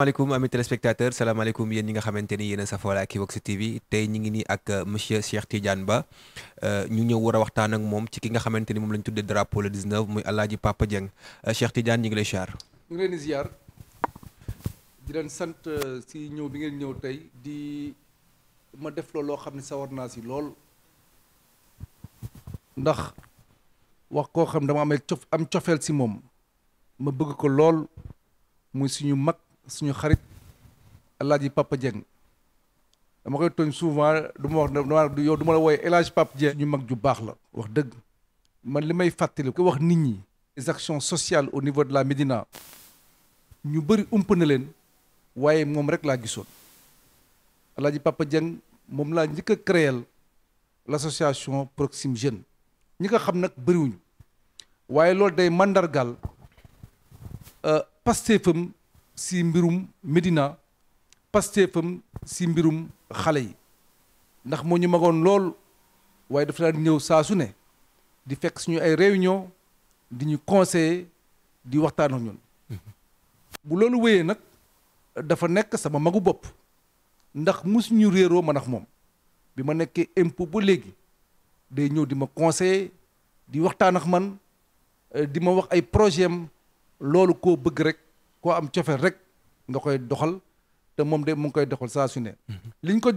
maaleykum amis téléspectateurs salaamaaleykum yéen ñi nga xamante ni yéen a safoo la Equivox TV tey ñu ngi nii ak monsieur Cheikh Tidiane Ba euh, ñu ñëw war a waxtaan ak moom ci ki nga xamante ni moom la tuddee drapeau le 19 muy El Hadj Papa Dieng euh, Cheikh Tidiane ñu ngi lay ziar. ñu leen di ziar leen sant euh, si ñëw bi ngeen ñëw tey di ma def loolu loo xam ne sawar naa si lool ndax wax koo xam dama amee cof am cofeel si moom ma bëgg ko lool muy suñu mag. suñu xarit El Hadj Papa Dieng dama koy tooñ souvent du ma wax dama yow du ma la wooyee élage Hadj Papa ñu mag ju baax la wax dëgg man li may fàttali ko wax nit ñi. les actions sociales au niveau de la Médina ñu bëri ump na leen waaye moom rek laa gisoon El Hadj Papa Dieng moom laa njëkk a créel l' association Proxime Jeune ñi ko xam nag bëriwuñu waaye loolu day mandargaal euh, Pastefam si mbirum Médina Pastefam si mbirum xale yi ndax moo ñu magoon lool waaye dafa daan ñëw saa su ne di fekk suñu ay réunion di ñu conseiller di waxtaan ak ñun bu loolu wéyee nag dafa nekk sama magu bopp ndax musuñu réeroo man ak moom bi ma nekkee impôt ba léegi day ñëw di ma conseiller di waxtaan ak man di ma wax ay projet am loolu koo bëgg rek koo am cofeel rek nga koy doxal te moom de mu ngi koy doxal saa su ne. liñ ko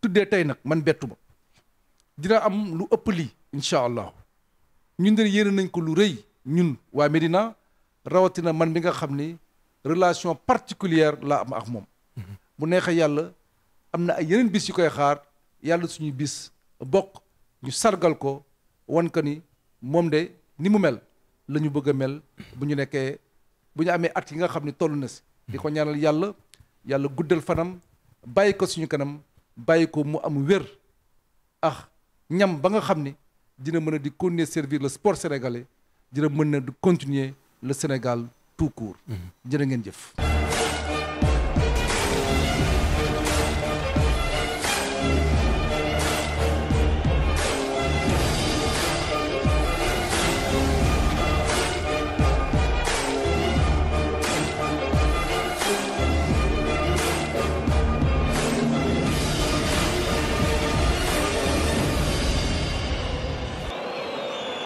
tuddee tey nag man bettu ba dina am lu ëpp lii incha allah ñun de yéene nañ ko lu rëy ñun waa Medina rawatina man bi nga xam ni relation particulière laa am ak moom. mu neexee yàlla am na ay yeneen bis yu koy xaar yàlla suñuy bis bokk ñu sargal ko wan ko ni moom de ni mu mel la ñu bëgg a mel bu ñu nekkee. bu ñu amee at yi nga xam ne toll na si di ko ñaanal yàlla yàlla guddal fanam bàyyi ko suñu kanam bàyyi ko mu am wér ah ñam ba nga xam ni dina mën a di continuer servir le sport sénégalais dina mën na di continuer le Sénégal tout court mhm. jërë ngeen jëf